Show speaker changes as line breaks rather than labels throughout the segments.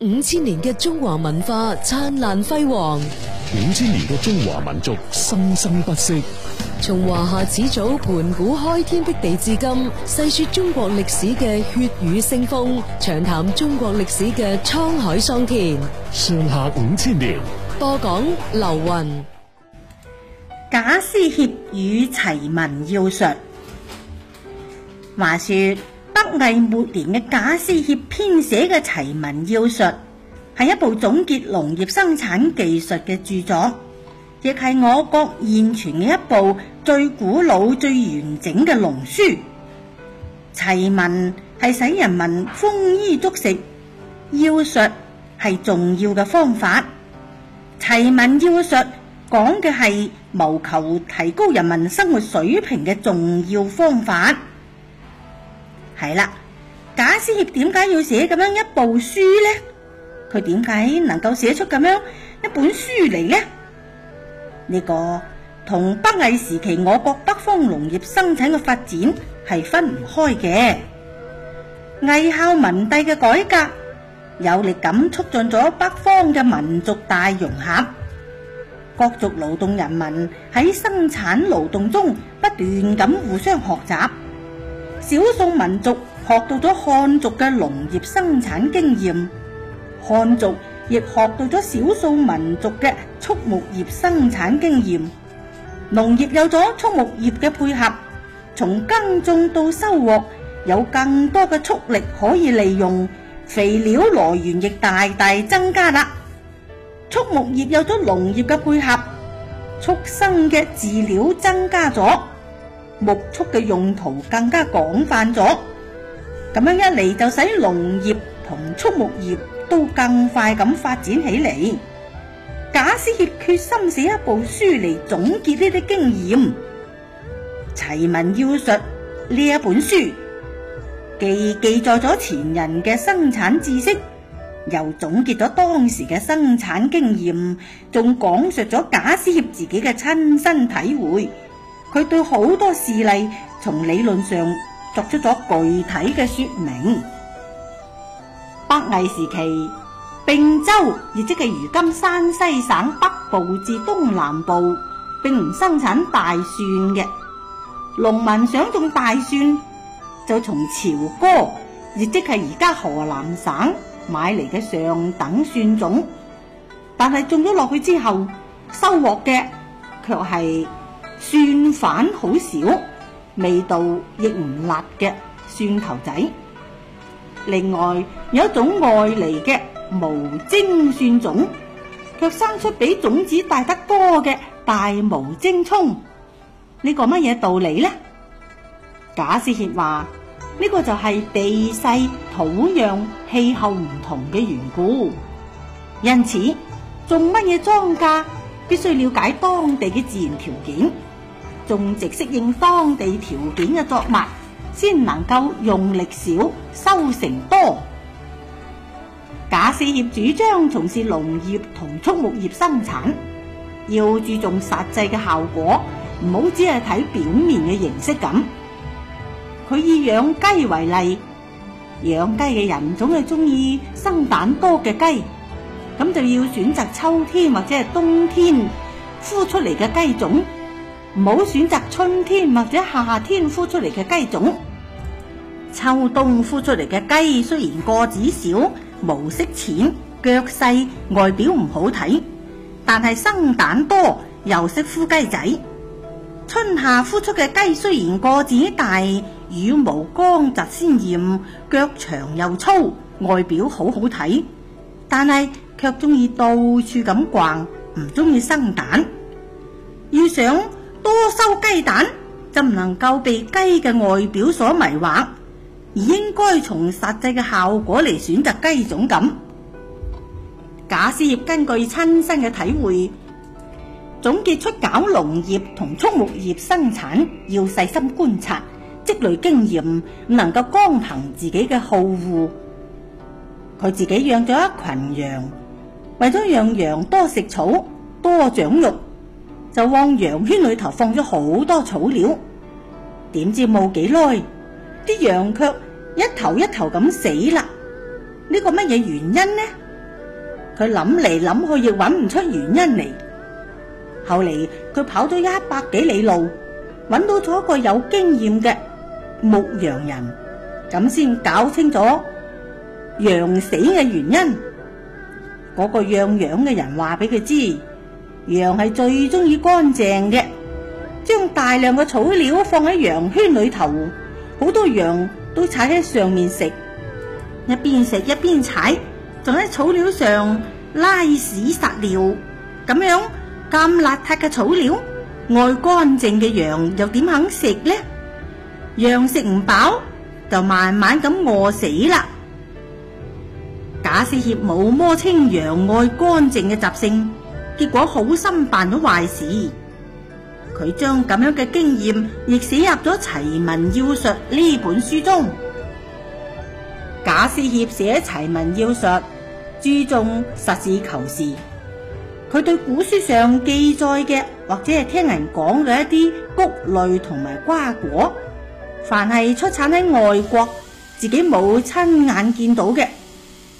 五千年嘅中華文化燦爛輝煌，五千年嘅中華民族生生不息。從華夏始祖盤古開天闢地至今，細說中國歷史嘅血雨腥風，長談中國歷史嘅滄海桑田。上下五千年，播講劉雲，賈思勰與齊民要術。話說。北魏末年嘅賈思勰編寫嘅《齊民要術》係一部總結農業生產技術嘅著作，亦係我國現存嘅一部最古老、最完整嘅農書。齊民係使人民豐衣足食，要術係重要嘅方法。齊民要術講嘅係謀求提高人民生活水平嘅重要方法。係啦，賈思勰點解要寫咁樣一部書呢？佢點解能夠寫出咁樣一本書嚟呢？呢個同北魏時期我國北方農業生產嘅發展係分唔開嘅。魏孝文帝嘅改革有力咁促進咗北方嘅民族大融合，各族勞動人民喺生產勞動中不斷咁互相學習。少數民族學到咗漢族嘅農業生產經驗，漢族亦學到咗少數民族嘅畜牧業生產經驗。農業有咗畜牧業嘅配合，從耕種到收穫有更多嘅畜力可以利用，肥料來源亦大大增加啦。畜牧業有咗農業嘅配合，畜生嘅飼料增加咗。木畜嘅用途更加廣泛咗，咁樣一嚟就使農業同畜牧業都更快咁發展起嚟。賈思勰決心寫一部書嚟總結呢啲經驗，《齊民要術》呢一本書，既記載咗前人嘅生產知識，又總結咗當時嘅生產經驗，仲講述咗賈思勰自己嘅親身體會。佢對好多事例從理論上作出咗具體嘅說明。北魏時期，并州亦即係如今山西省北部至東南部，並唔生產大蒜嘅。農民想種大蒜，就從朝歌，亦即係而家河南省買嚟嘅上等蒜種，但係種咗落去之後，收穫嘅卻係卻蒜瓣好少，味道亦唔辣嘅蒜頭仔。另外有一種外嚟嘅無精蒜種，卻生出比種子大得多嘅大無精蔥。呢個乜嘢道理呢？賈思勰話：呢個就係地勢、土壤、氣候唔同嘅緣故。因此，種乜嘢莊稼，必須了解當地嘅自然條件。種植適應當地條件嘅作物，先能夠用力少，收成多。賈思勰主張從事農業同畜牧業生產，要注重實際嘅效果，唔好只係睇表面嘅形式咁。佢以養雞為例，養雞嘅人總係中意生蛋多嘅雞，咁就要選擇秋天或者係冬天孵出嚟嘅雞種。唔好選擇春天或者夏天孵出嚟嘅雞種，秋冬孵出嚟嘅雞雖然個子小，毛色淺，腳細，外表唔好睇，但係生蛋多，又識孵雞仔。春夏孵出嘅雞雖然個子大，羽毛光澤鮮艷，腳長又粗，外表好好睇，但係卻中意到處咁逛，唔中意生蛋。要想多收雞蛋就唔能夠被雞嘅外表所迷惑，而應該從實際嘅效果嚟選擇雞種咁。賈思勰根據親身嘅體會，總結出搞農業同畜牧業生產要細心觀察，積累經驗，唔能夠光憑自己嘅好惡，戶。佢自己養咗一群羊，為咗讓羊多食草，多長肉。就往羊圈裏頭放咗好多草料，點知冇幾耐，啲羊卻一頭一頭咁死啦。呢個乜嘢原因呢？佢諗嚟諗去亦揾唔出原因嚟。後嚟佢跑咗一百幾里路，揾到咗一個有經驗嘅牧羊人，咁先搞清楚羊死嘅原因。嗰個養羊嘅人話俾佢知。羊係最中意乾淨嘅，將大量嘅草料放喺羊圈裏頭，好多羊都踩喺上面食，一邊食一邊踩，仲喺草料上拉屎撒尿，咁樣咁邋遢嘅草料，愛乾淨嘅羊又點肯食呢？羊食唔飽，就慢慢咁餓死啦。賈思勰冇摸清羊愛乾淨嘅習性。結果好心辦咗壞事，佢將咁樣嘅經驗亦寫入咗《齊民要術》呢本書中。賈思勰寫《齊民要術》，注重實事求是。佢對古書上記載嘅或者係聽人講嘅一啲穀類同埋瓜果，凡係出產喺外國，自己冇親眼見到嘅。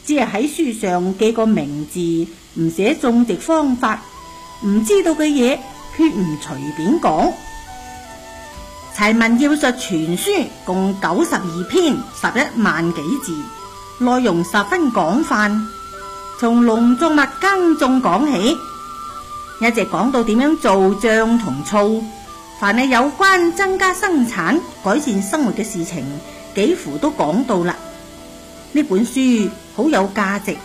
只係喺書上記個名字，唔寫種植方法，唔知道嘅嘢決唔隨便講。齊民要術全書共九十二篇，十一萬幾字，內容十分廣泛，從農作物耕種講起，一直講到點樣做醬同醋，凡係有關增加生產、改善生活嘅事情，幾乎都講到啦。呢本書。好有價值，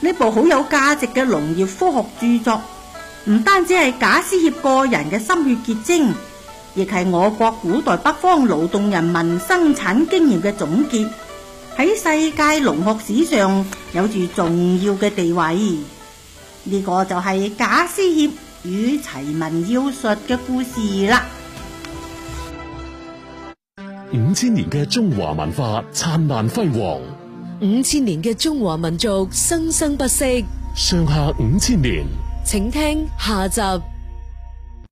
呢部好有價值嘅農業科學著作，唔單止係賈思勰個人嘅心血結晶，亦係我國古代北方勞動人民生產經驗嘅總結，喺世界農學史上有住重要嘅地位。呢、這個就係賈思勰與齊民要術嘅故事啦。五千年嘅中華文化燦爛輝煌。五千年嘅中華民族生生不息，上下五千年，請聽下集。